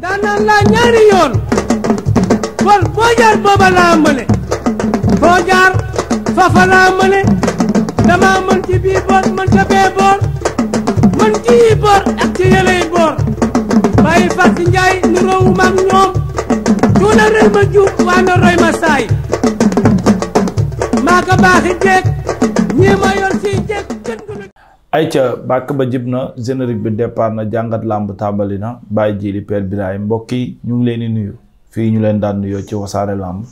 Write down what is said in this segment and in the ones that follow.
ndaanaan laa ñaari yoon kon booba laa mëne foo jaar fafa laa mën ci mën ca mën ci yi boor ak ci yëley nu roowu maag ñoom tuuna rëy ma waa na roy maa ko baaxi ñii ma yor ay ayca bàkk ba jib na générique bi départ na jàngat làmb tàmbali na bàyyi jili Père Birahim mbokk yi ñu ngi leen di nuyu fii ñu leen daan nuyoo ci wasaare làmb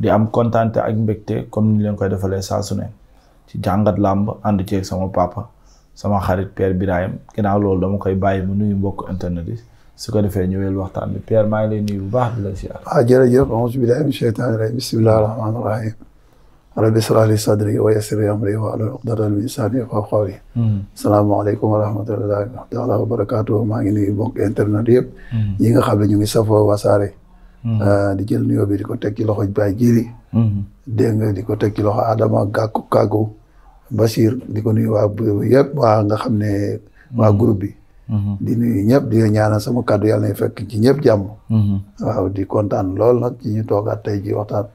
di am kontaante ak mbégte comme ni leen koy defalee saa su ne ci jàngat làmb ànd ceeg sama papa sama xarit Père Birahim ginnaaw loolu dama koy bàyyi mu nuyu mbokk internet yi su ko defee ñëweel waxtaan bi Père maa ngi lay nuyu bu baax di la ziar. ah jërëjëf auzu billaahi mina sheytaani rajiim bismillaahi rahmaani rahiim rabbi israh li wa yassir li amri wahlul uqdatan min lisani yafqahu qawli hmm. asalaamaaleykum wa rahmatullahi taala wa barakaatuh maa ngi nuyu bokk internet yëpp hmm. ñi nga xam ne ñu ngi safoo wasaare hmm. ah, di jël nuyoo bi di ko teg ci loxo Baye Jili dégg nga di ko teg ci loxo Adama Gàkku Kàggu Bachir di ko nuyu waa yëpp waa nga xam ne waa groupe bi di nuyu ñëpp di ñaanal sama yal yàlla na fekk ci ñëpp jàmm waaw di kontaan lool nag ci ñu toogaat tey ji waxtaan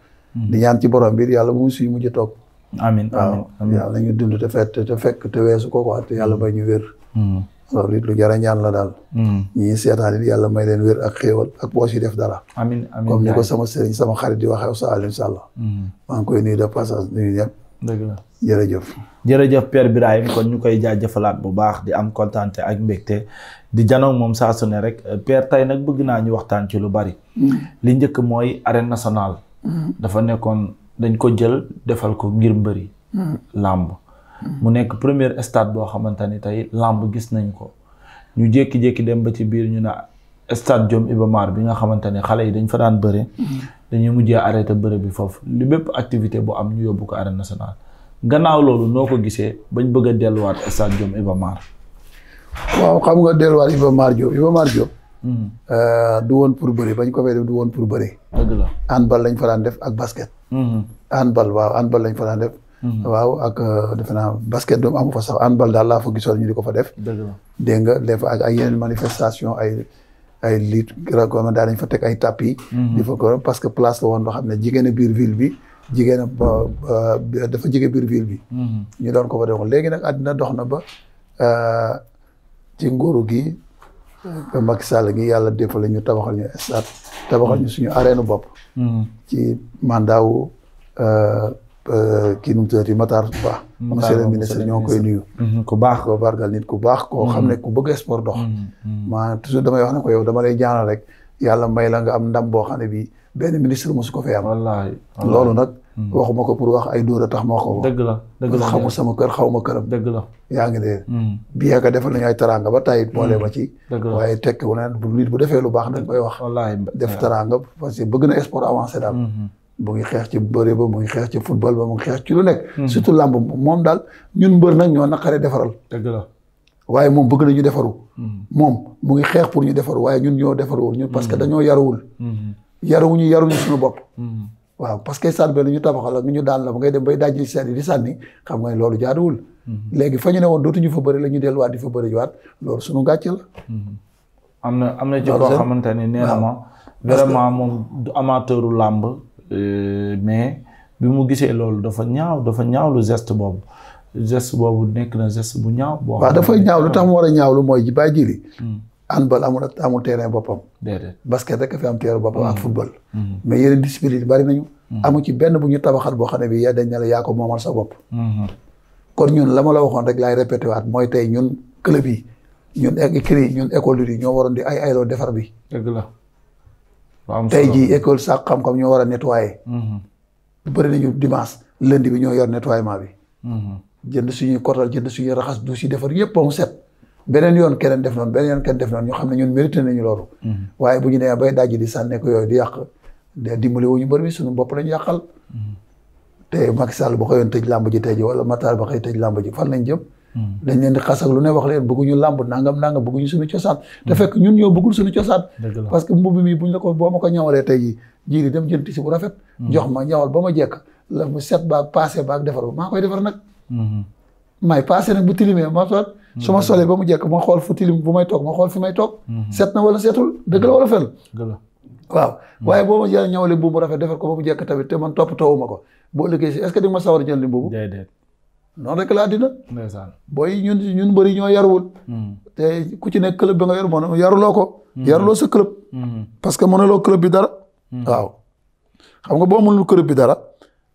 di ñaan ci borom biir yàlla bu mu suy mujj toog. amiin amiin waaw yàlla ñu dund te fekk te fekk te weesu ko quoi yàlla may ñu wér. Mm. loolu lu jar a ñaan la daal. Mm. ñii seetaan it yàlla may leen wér ak xéewal ak poos yi def dara. amiin amiin comme ni ko sama sëriñ sama xarit di waxee sa Alioune Sall. Mm. maa ngi koy nuyu de passage nuyu ñëpp. dëgg la jërëjëf. jërëjëf Père Birahim kon ñu koy jëfalaat bu baax di am kontaan ak mbégte di janoog moom saa su rek Père tey nag bëgg naa ñu waxtaan ci lu bari. li njëkk mooy arène nationale. dafa nekkoon dañ ko jël defal ko ngir mbëri làmb mu nekk premier stade boo xamante ni tey làmb gis nañ ko ñu jékki-jékki dem ba ci biir ñu ne stade Jom Iba Mar bi nga xamante ne xale yi dañ fa daan bëre dañuy mujjee arrêté bëre bi foofu li bépp activité bu am ñu yóbbu ko arène nationale gannaaw loolu noo ko gisee bañ bëgg a delluwaat stade Jom Iba waaw xam nga delluwaat Iba Mar Diop Iba Hmm. Euh, du woon pour bëri bañ ko fay def du woon pour bëri. dëgg la handball lañ fa daan def ak basket. Hmm. handball waaw handball lañ fa def. Hmm. waaw ak euh, def naa basket doom amu fa sax handball daal laa fa gisoon ñu di ko fa def. dëgg la dégg nga def ak ay yeneen manifestation ay. fa teg ay tapis. parce que place la woon boo xam ne jigéen a biir ville bi jigéen a dafa jige biir ville bi. ñu doon ko fa def léegi nag àddina dox na ba euh, ci nguuru gi ba Macky Sall gi yàlla defal ñu tabaxal ñu stade ñu suñu arène bopp. Mm-hmm. ci mandat wu euh, euh, kii nu mu tuddati Matar Ba. monsieur le ministre ñoo koy nuyu. Mm-hmm, ku baax koo bargal nit ku baax. koo xam ne mm-hmm. ku bëgg sport dox. maa toujours damay wax ne ko yow dama lay ñaanal rek yàlla may la nga am ndam boo xam ne bii. benn ministre mosu ko fee am. wallaay loolu nag. Hmm. waxuma ko pour wax ay dóor a tax ma ko. dëgg la dëgg la xamul sama kër xaw ma këram. dëgg la yaa ngi dee. Hmm. bien que defal nañu ay taraanga ba tayit hmm. boole ma ci. dëgg la waaye tekk wu ne bu nit bu defee lu baax dañ koy wax. wallaay def taraanga parce que bëgg na sport avancé daal. mu ngi xeex ci bëre ba mu ngi xeex ci football ba mu ngi xeex ci lu nekk. surtout làmb moom daal ñun mbër nag ñoo naqaree defaral. dëgg la. waaye moom bëgg na ñu defaru. moom mu ngi xeex pour ñu defaru waaye ñun ñoo defaruwul ñun parce que dañoo yaruwul yaruwuñu yaruñu suñu bopp. Mm-hmm. waaw parce que stade bi la ñu tabaxal ak ñu daan la ba ngay dem bay dajji stade yi di sànni xam nga loolu jaaduwul. Mm-hmm. léegi fa ñu ne woon dootuñu fa bëri la ñu delluwaat di fa bëri waat loolu suñu gàcce la. Mm-hmm. am na am na ci koo xamante ne nee na ma vraiment moom du amateuru làmb euh, mais bi mu gisee loolu dafa ñaaw dafa ñaawlu gest boobu geste boobu nekk na geste bu ñaaw. boo xam ñaaw lu tax mu war a ñaaw lu mooy ji bàyyi ji handball amul amul terrain boppam. déedéet basket rek a fi am terrain boppam ak mm. football. Mm. mais yeneen discipline yi bari nañu. Mm. amu ci benn bu ñu tabaxal boo xam ne bii yaa dañ ne la ko moomal sa bopp. Mm-hmm. kon ñun la ma la waxoon rek laay répété waat mooy tey ñun club yi ñun écrit ñun école yi ñoo waroon di ay ayloo defar bi. dëgg la. tey jii école sax xam-xam ñoo war a nettoyer. Mm-hmm. bëri nañu dimanche lundi bi ñoo yor nettoyement bi. Mm-hmm. jënd suñuy kotal jënd suñuy raxas du si defar yëpp ba set. beneen yoon keneen def noonu beneen yoon keneen def noonu ñu xam ne ñun mérité nañu loolu mm-hmm. waaye bu ñu demee bay dajji di sànne ko yooyu di yàq de dimbali wu ñu mbër bi mm-hmm. te Macky Sall ba xëyoon tëj tey ji wala Matar ba xëy tëj làmb ji fan lañ jëm mm-hmm. dañ di xas lu ne wax leen bëgguñu làmb nangam nangam bëgguñu suñu cosaan te fekk ñun ñoo bëggul suñu cosaan parce que mbubb mi buñ la ko boo ma ko ñawalee tey ji jii di dem jënti si bu rafet jox ma ñawal ba ma jekk la mu set baag passé baag defar ba maa koy defar nag maay passé nag bu tilimee ma soot su ma solee ba mu jekk ma xool fu tilim bu may toog ma xool fi may toog mhm. seet na wala seetul dëgg la mhm. wala fen waaw mhm. waaye boo ma jël ñawle bu rafet defar ko ba mu jekk tamit te man toppatoowuma ko boo liggéey si est-ce que di nga ma sawar jël li boobu noonu rek la àddina booy ñun ñun bëri ñoo yaruwul ku ci nekk bi nga yor moom yaruloo ko yaruloo sa club parce que mënuloo club bi dara waaw xam nga boo mënul club bi dara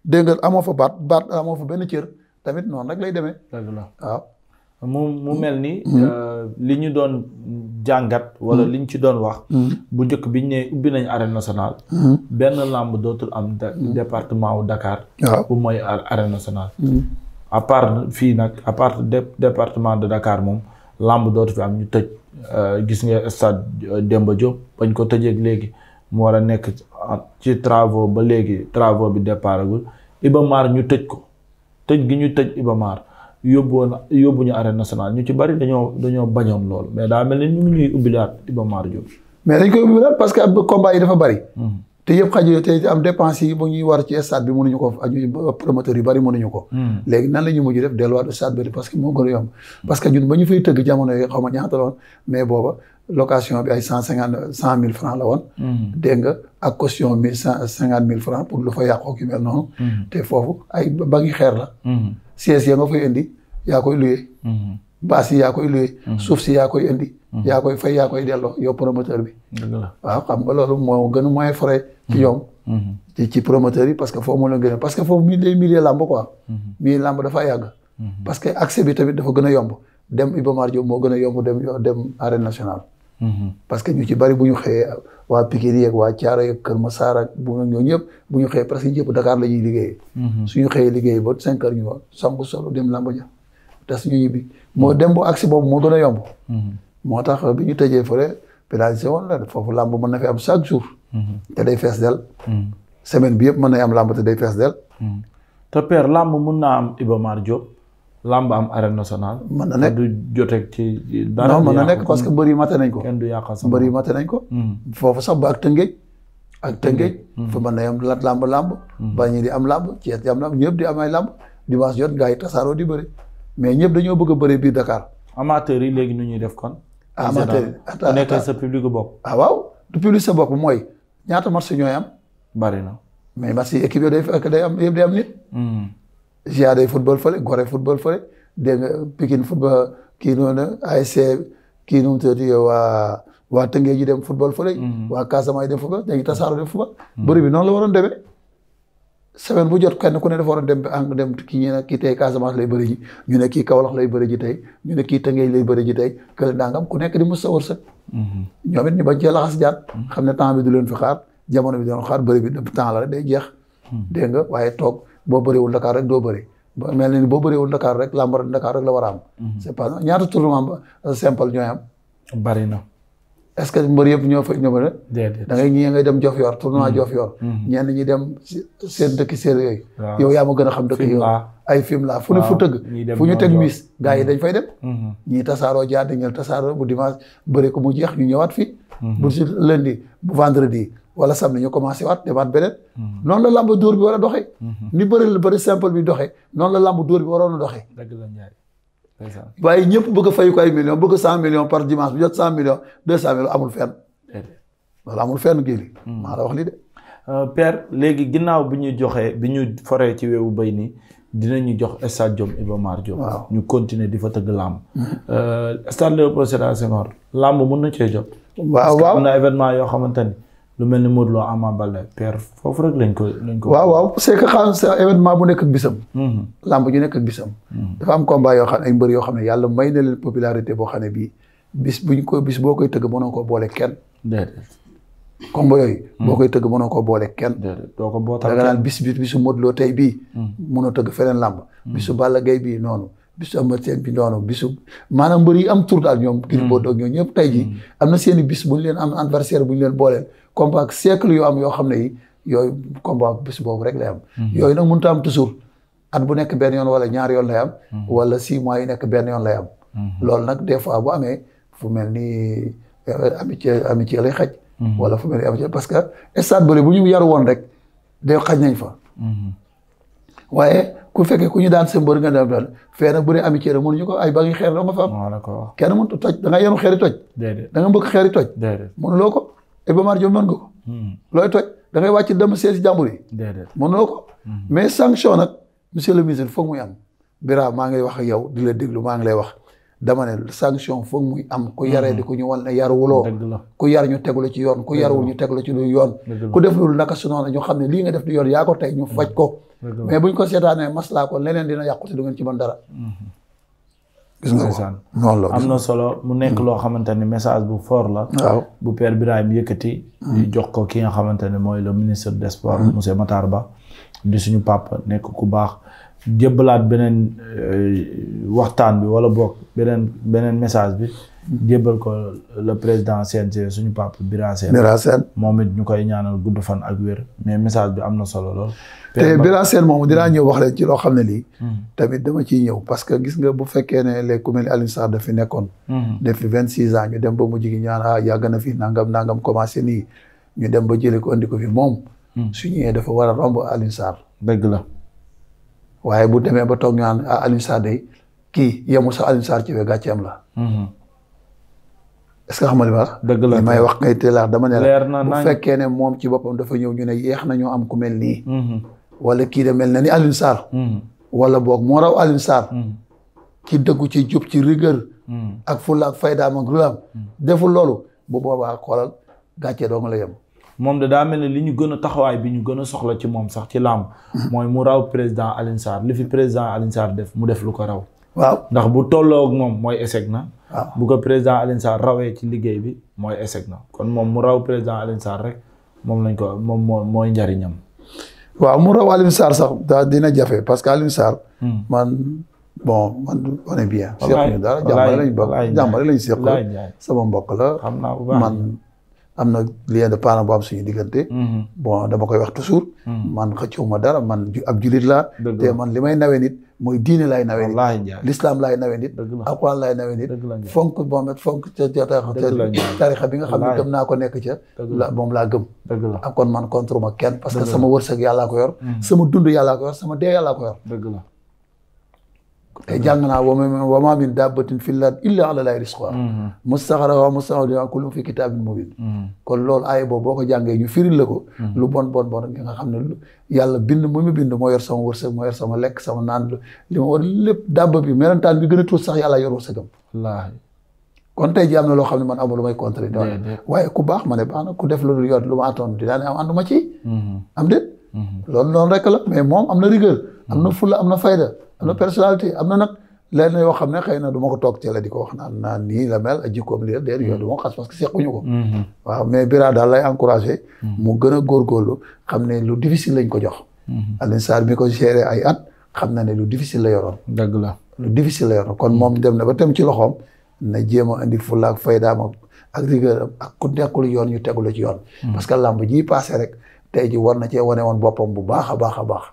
dégg nga amoo fa baat baat amoo fa benn cër tamit noonu rek lay demee waaw mu mu mm. mel ni. Mm. Euh, li ñu doon jàngat. wala mm. li ñu ci doon wax. bu njëkk bi ñu nee ubbi nañ arène national benn làmb dootul am département wu Dakar. bu mooy arène nationale. à part fii nag à part département de Dakar moom làmb dootu fi am ñu tëj euh, gis nga stade euh, Demba Diop bañ ko tëjeeg léegi mu war a nekk ci travaux ba léegi travaux bi départagul Iba ñu tëj ko tëj gi ñu tëj Iba yóbbu woon yóbbu ñu arène nationale ñu ci bari dañoo dañoo bañoon mais daa mel ni ñu ñuy ubbilaat Iba Mar Diop. mais dañ koy ubbilaat parce que ab yi dafa bari. Hmm. te yëpp xaju te am dépense yi bu ñuy war ci stade bi mënuñu ko promoteur yu bari mënuñu ko. Hmm. léegi nan la mujj def delluwaat stade bi parce que moo gën a yomb. parce que ñun ba ñu fay tëgg jamono yi xaw ma ñaata la mais booba location bi ay cent cent mille franc siège ya nga fay indi yaa koy luye. Mhm. baas yi yaa koy luye. Mhm. suuf si yaa koy indi. Mhm. yaa koy fay yaa koy delloo yow promoteur bi. waaw xam nga loolu moo gën a moyen frais. ci ñoom. promoteur yi parce que foo moo leen gën parce que foofu mii day millier làmb quoi. mii làmb dafa yàgg. parce que accès bi tamit dafa gën a yomb dem Iba Mar Diop moo gën a yomb dem dem Mm-hmm. parce que ñu ci bari bu ñu xëyee waa Pikine yeeg waa Thiaroye ak Kër Massar bu nag ñëpp bu ñu xëyee presque ñëpp Dakar la ñuy liggéeyee mm-hmm. suñu xëyee liggéey ba cinq ñu wax sangu solo dem làmb ja tas ñu ñibbi moo mm-hmm. dem bu agsi boobu moo gën a yomb moo tax bi ñu tëjee fële pénalisé woon la foofu làmb mën na fi am chaque jour te day fees del semaine bi yëpp mën na am làmb te day fees del te père làmb mën naa am Iba Mar Diop làmb am arène nationale. mën na nekk du joteeg ci. dara non parce que mbër yi mate nañ ko. mbër yi mate nañ ko. Mm. foofu sax ba ak tëngéej. ak tëngéej. Mm. fa mën na am làmb làmb. Mm. ba ñi di am làmb ceeb di am làmb ñëpp di ay làmb. dimanche jot gaa tasaaroo di bëri mais ñëpp dañoo bëgg a bëri biir Dakar. amateurs yi léegi nu ñuy def kon. amateurs yi nekkal sa public bopp. ah waaw du public sa bopp mooy ñaata match ñooy am. bari na mais match équipe yooyu day am nit. GA day football fële Gorée football fële dégg nga Pikine football kii noonu ay kii nu mu tuddati waa waa Tëngéej ji dem football fële. Mhm. waa Casamance yi dem football léegi tasaaro dem football. Mhm. bëri noonu la waroon demee. semaine bu jot kenn ku ne dafa waroon dem en dem kii ñu ne kii tey Casamance lay bëri ñu ne kii Kaolack lay bëri ji tey ñu ne kii Tëngéej lay bëri ji tey kële ndàngam ku nekk di mu sawar sa. Mhm. ñoom it ñu bañ cee laxas jaar. xam ne temps bi du leen fi xaar jamono bi doon xaar bëri bi temps la day jeex. nga waaye toog. boo bëriwul Dakar rek doo bëri ba mel ni boo bëriwul Dakar rek làmb Dakar rek la war a am. Mhm. c' ñaata tournoi simple ñooy am. bari na. est ce que mbër yëpp ñoo fay ñëw rek. déedéet da ngay ñii ngay dem Diofior tournoi Diofior. Mhm. Mhm. ñenn ñi dem seen dëkk séeréer yooyu. waaw yow yaa ma gën a xam dëkk yooyu. ay film la fu ne fu tëgg. fu ñu teg miis gars yi dañ fay dem. ñii tasaaroo jaar dañu tasaaroo bu dimanche bëri ko mu jeex ñu ñëwaat fii. Mm-hmm. bu si lundi bu vendredi wala samedi ñu commencé waat demaat beneen. Mm-hmm. noonu la lamb dóor bi war a doxee. Mm-hmm. ni bëri la bëri simple bi doxe noonu la lamb dóor bi waroon a doxee. dëgg la waaye ñëpp bëgg a fay ko ay bëgg cent millions par dimanche bi jot cent millions deux cent millions amul fenn. loolu amul fenn géej maa la wax lii de. Euh, Père léegi ginnaaw bi ñu joxee bi ñu foree ci weewu béy nii ñu jox stade Jom Iba Mar waaw ñu continuer di fa tëgg làmb. Mm-hmm. Euh, stade Léopold Sédar Senghor. làmb mun na cee jot. waaw waaw na événement yoo xamante ni lu mel ni Modou Lo Ama Baldé père foofu rek lañ ko lañ ko. waaw waaw c'est que xam sa événement bu nekk ak bisam. Mm-hmm. làmb ju nekk ak bisam. Mm-hmm. dafa am combat yoo xam ne ay mbër yoo xam ne yàlla may na leen popularité boo xam ne bii bis buñ ko bis boo koy tëgg mënoo ko boole kenn. combo yooyu. Hmm. boo koy tëgg mënoo koo boole kenn. doo ko bootal da nga naan bi bisu Modou Lo tey bii. Hmm. mënoo tëgg feneen làmb. Hmm. bisu Balla Gaye bii noonu. bisu Eumeu Sène bi noonu bisu. maanaam mbër yi am tur daal ñoom. Gris Bordeaux ak ñoom ñëpp tey jii. am i bis bu ñu leen am adversaire bu ñu leen siècle yooyu am. yooyu nag mënut a am toujours. at bu nekk benn yoon wala ñaar yoon lay am. wala six mois yi nekk benn yoon lay am. loolu nag des bu amee fu mel ni euh, amitié amitié lay xaj. Mm-hmm. wala fu mel ni Abidjan parce que stade bële bu ñu yar woon rek de xaj nañ fa. Mm-hmm. waaye ku fekkee ku ñu daan seen bër nga dem daal fee bu dee amitié rek ñu ko ay bagi xeer la nga fa am. kenn mënut toj da nga yenu xeeri toj. da nga mbëkk xeeri toj. déedéet mënuloo ko Iba Mar Diop mën nga ko. Mm-hmm. looy toj da wàcc dem seesi jàmbur yi. déedéet mënuloo ko. mais sanction nag monsieur le ministre foog muy am. Bira maa ngi wax yow di la déglu maa ngi lay wax dama ne sanction foog muy am ku yaree di mhm. ku ñu wan ne yarwuloo ku yar ñu tegula ci yoon ku yarwul ñu tegula ci lu yoon ku def loolu naka su noonu ñu xam ne lii nga def di yoon yaa ko tey ñu faj ko mais buñ ko seetaanee maslaa ko leneen dina yàqu te du ngeen ci mën dara mhm. gis nga am na solo mu nekk mhm. loo xamante ne message bu foor la waaw bu Père Birahim yëkkati ñu jox ko ki nga xamante ne mooy le ministre des sports monsieur Matar Ba di suñu papa nekk ku baax jébbalaat beneen euh, waxtaan bi wala boog beneen beneen message bi jébbal ko le président CNG suñu papa Bira Sène Bira Sène moom it ñu koy ñaanal gudd fan ak wér mais message bi am na solo lool te Bira Sène moom dinaa ñëw wax rek ci loo xam ne lii hmm. tamit dama ciy ñëw parce que gis nga bu fekkee ne les ku mel ni Alioune Sarr dafi nekkoon hmm. defi vingt six ans ñu dem ba mujj gi ñaan ah, yàgg na fii nangam nangam commencé nii ñu dem ba jëlee ko indi ko fi moom hmm. su dafa war a romb Alioune la waaye bu demee ba toog ñu naan ah, Alioune day kii yemul sax Alioune Sarr ci wee gàcceem la. Mhm. est-ce que xam nga li dëgg la may wax ngay teelaat dama ne la bu fekkee ne moom ci boppam dafa ñëw ñu ne yeex nañoo am ku mel nii. Mhm. wala kii de mel na ni Alioune Sarr. Mhm. wala boog moo raw Alioune ci dëggu ci jub ci rigueur. ak fulla ak faydaam ak rulaam deful loolu bu boobaa xoolal gàcce doo nga la yem. moom da daa mel ne li ñu gën a taxawaay bi ñu gën a soxla ci moom sax ci làmb mhm. mooy mu raw président Alioune Sarr li fi président Alioune Sarr def mu def lu ko raw waaw ndax bu tolloo moom mooy échec na waaw bu ko président Alioune Sarr rawee ci liggéey bi mooy échec na kon moom mu raw président Alioune Sarr rek moom lañ ko moom moo mooy njariñam waaw mu raw Alioune Sarr sax daa dina jafe parce que Alioune Sarr hmm. man bon man on est bien seq ñu dara jàmbale lañ bokk jàmbale lañ seq sama mbokk la man am na lien de parent bu am suñu diggante. Mm-hmm. bon dama koy wax toujours. Mm-hmm. man xëccoo ma dara man ab julit laa. te man li may nawe nit mooy diine laay nawe nit. wallaahi laay nawe nit. dëgg la laay nawe nit. fonk moom fonk ca ca tarixa bi nga xam ne gëm naa ko nekk ca. moom laa gëm. dëgg la ah, kon man contre ma kenn. parce que sama wërsëg yàllaa ko yor. Mm-hmm. sama dund yàllaa ko yor sama dee yàllaa ko yor. dëgg la te eh, jàng naa wa ma min dabbatin fil ard illa ala llahi rizquha mhm. mustaxara wa mustawdi'a kullun fi kitabin mubin mhm. kon loolu aaya boobu boo ko jàngee ñu firil la ko mhm. lu bon bon bon nga xam ne yàlla bind mu mu bind moo yor sama wërsëg moo yor sama lekk sama naan li ma war lépp dàbb bi melentaan bi gën a tuut sax yàlla yor wërsëgam wallaahi kon tey ji am na loo xam ne man amul lu may contrer waaye ku baax ma ne ku def lu dul yoon lu ma attoon dinaa ne am ànduma ci am déet loolu noonu rek la mais moom am na rigueur na fulla am na fayda am na mm. am na nag lenn yoo xam ne xëy na duma ko toog teel di ko wax naan naan nii la mel ak jikkoom lii déedéet mm. yooyu du ko xas parce que sequñu ko. Mm-hmm. waaw mais Bira daal lay encouragé. Mm-hmm. mu gën a góorgóorlu xam ne lu difficile lañ ko jox. Mm-hmm. Alioune Sarr mi ko géré ay at xam na ne lu difficile la yoroon. dëgg la lu difficile la yoroon kon moom dem na ba tem ci loxoom na jéem indi fulla ak faydaam ak rigueur ak ku nekkul yoon ñu tegula ci yoon. parce que làmb ji paase rek te ji war na cee wane woon boppam bu baax a baax a baax.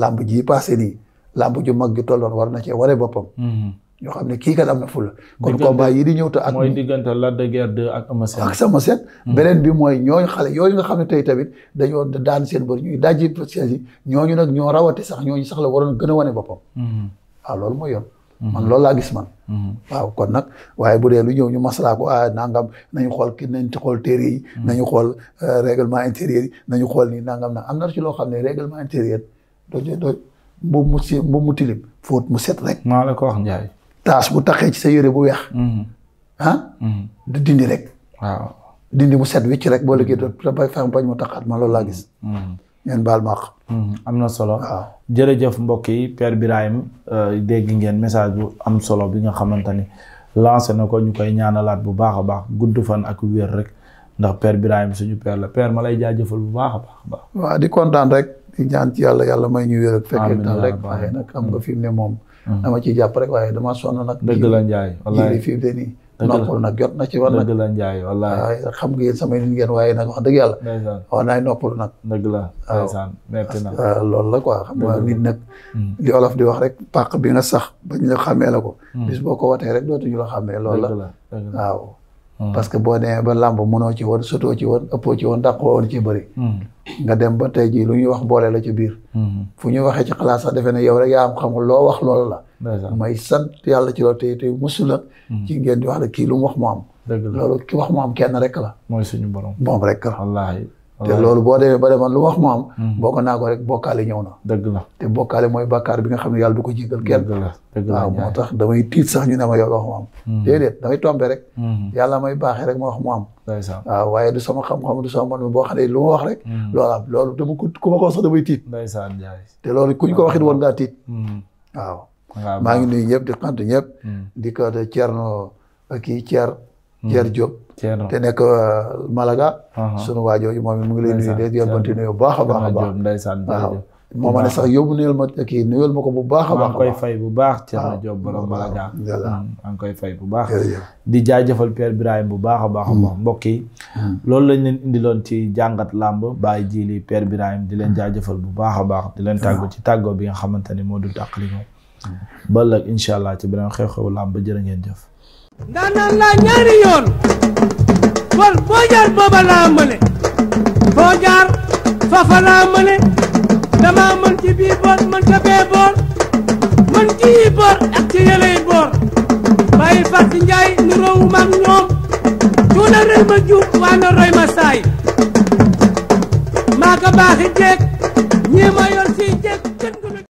làmb ji paase nii. làmb ju mag ju tolloon war na cee waree boppam. ñoo mhm. xam ne kii kat am na fula. kon combat yi di ñëw te ak. mooy diggante Lac de Guiers 2 ak Eumeu Sène. ak Eumeu Sène. Mhm. beneen bi mooy ñooñu xale yooyu nga xam ne tey tamit dañoo daan seen bër ñuy dajji seen yi ñooñu nag ñoo rawati sax ñooñu sax la waroon gën a wane boppam. Mhm. waaw loolu mooy yoon. man loolu laa gis man. waaw kon nag waaye bu dee lu ñëw ñu maslaa ko ah nangam nañu xool ki nañ ci xool téere yi. nañu xool euh, règlement intérieur yi nañu xool nii nangam na am na ci loo xam ne règlement intérieur doo mbubb mu si mbubb mu tilim fóot mu set rek. maa la ko wax njaay taas bu taxee ci sa yére bu weex. Mm-hmm. ah. Mm-hmm. du dindi rek. waaw dindi mu set wicc rek boo liggéey doon bay fànn bañ mu taxaat ma loolu laa gis. Mm-hmm. ngeen baal ma am na solo. waaw jërëjëf mbokk yi Père Birahim euh, dégg ngeen message bu am solo bi nga xamante ni lancé na ko ñu koy ñaanalaat bu baax a baax gudd fan ak wér rek ndax Père Birahim suñu père la père ma lay jaajëfal bu baax a baax. waaw di kontaan rek. di ñaan ci yàlla yàlla may ñu wér ak fekkee tal rek waaye nag xam nga fi mu ne moom hmm. dama ci jàpp rek waaye dama sonn nag dëgg la njaay nag na ci war nag dëgg la njaay wallaay xam nga yéen samay nit ngeen waaye nag wax dëgg yàlla waaw naay noppal nag dëgg la ndeysaan metti na la quoi xam nga nit nag hmm. li olof di wax rek pàq bi nga sax bañ la xàmmee la ko hmm. bis boo ko watee rek dootuñu la xàmmee loolu la waaw Ah. parce que boo demee ba làmb mënoo ci woon sotoo ci woon ëppoo ci woon dàqoo woon ci bëri. Hmm. nga dem ba tey jii lu ñuy wax boole la ci biir. Hmm. fu ñu waxee ci xalaat sax defe ne yow rek yaa am xamul loo wax loolu la. may sant yàlla ci loolu tey tey musu la. Hmm. ci ngeen di wax la kii lu mu wax mu am. loolu ki wax mu am kenn rek la. mooy suñu borom moom rek la. wallaahi te loolu boo demee ba demoon lu wax mu am boo ko naa ko rek bokkaale ñëw na dëgg la te bokkaale mooy bàkkaar bi nga xam ne yàlla du ko jéggal kenn waaw moo tax damay tiit sax ñu ne ma yow lu wax mu am hmm. déedéet damay tombe rek hmm. yàlla may baaxee rek ma wax mu am waaw waaye du sama xam-xam du sama man boo xam ne lu ma wax rek hmm. loolu am loolu dama ko ku ma ko wax sax damay tiit te loolu kuñ ko waxit woon ngaa tiit waaw maa ngi nuyu ñëpp di sant ñëpp di ko Thierno kii Thier Yer mm-hmm. Diop te nekk uh, Malaga uh-huh. sunu waa jooju moom mu ngi lay nuyu de yóbbante nuyu baax a baax a baax ndeysaan waaw moo ma ne sax yóbbu nuyul ma kii nuyul ma ko bu baax a baax koy fay bu baax Thierno Diop borom Malaga mm, maa ngi koy fay bu baax di jaajëfal Pierre Birahim bu baax a baax a mm. mbokk yi mm. loolu lañ leen indiloon ci jàngat làmb bàyyi jili Pierre Birahim di leen jaajëfal bu baax a baax di leen tàggu ci tàggoo bi nga xamante ni moo dul tàqali ko ba ëllëg incha allah ci beneen xew-xewu làmb jërë ngeen jëf ndaa naan laa ñaari yoon kon boo jaar booba laa mëne boo jaar fafa laa mëne dama mën ci mën ca mën ci yi boor ak ci yeley nu roowu maag ñoom cuuna rëy ma waa na roy ma maa ko baaxi ñii ma yor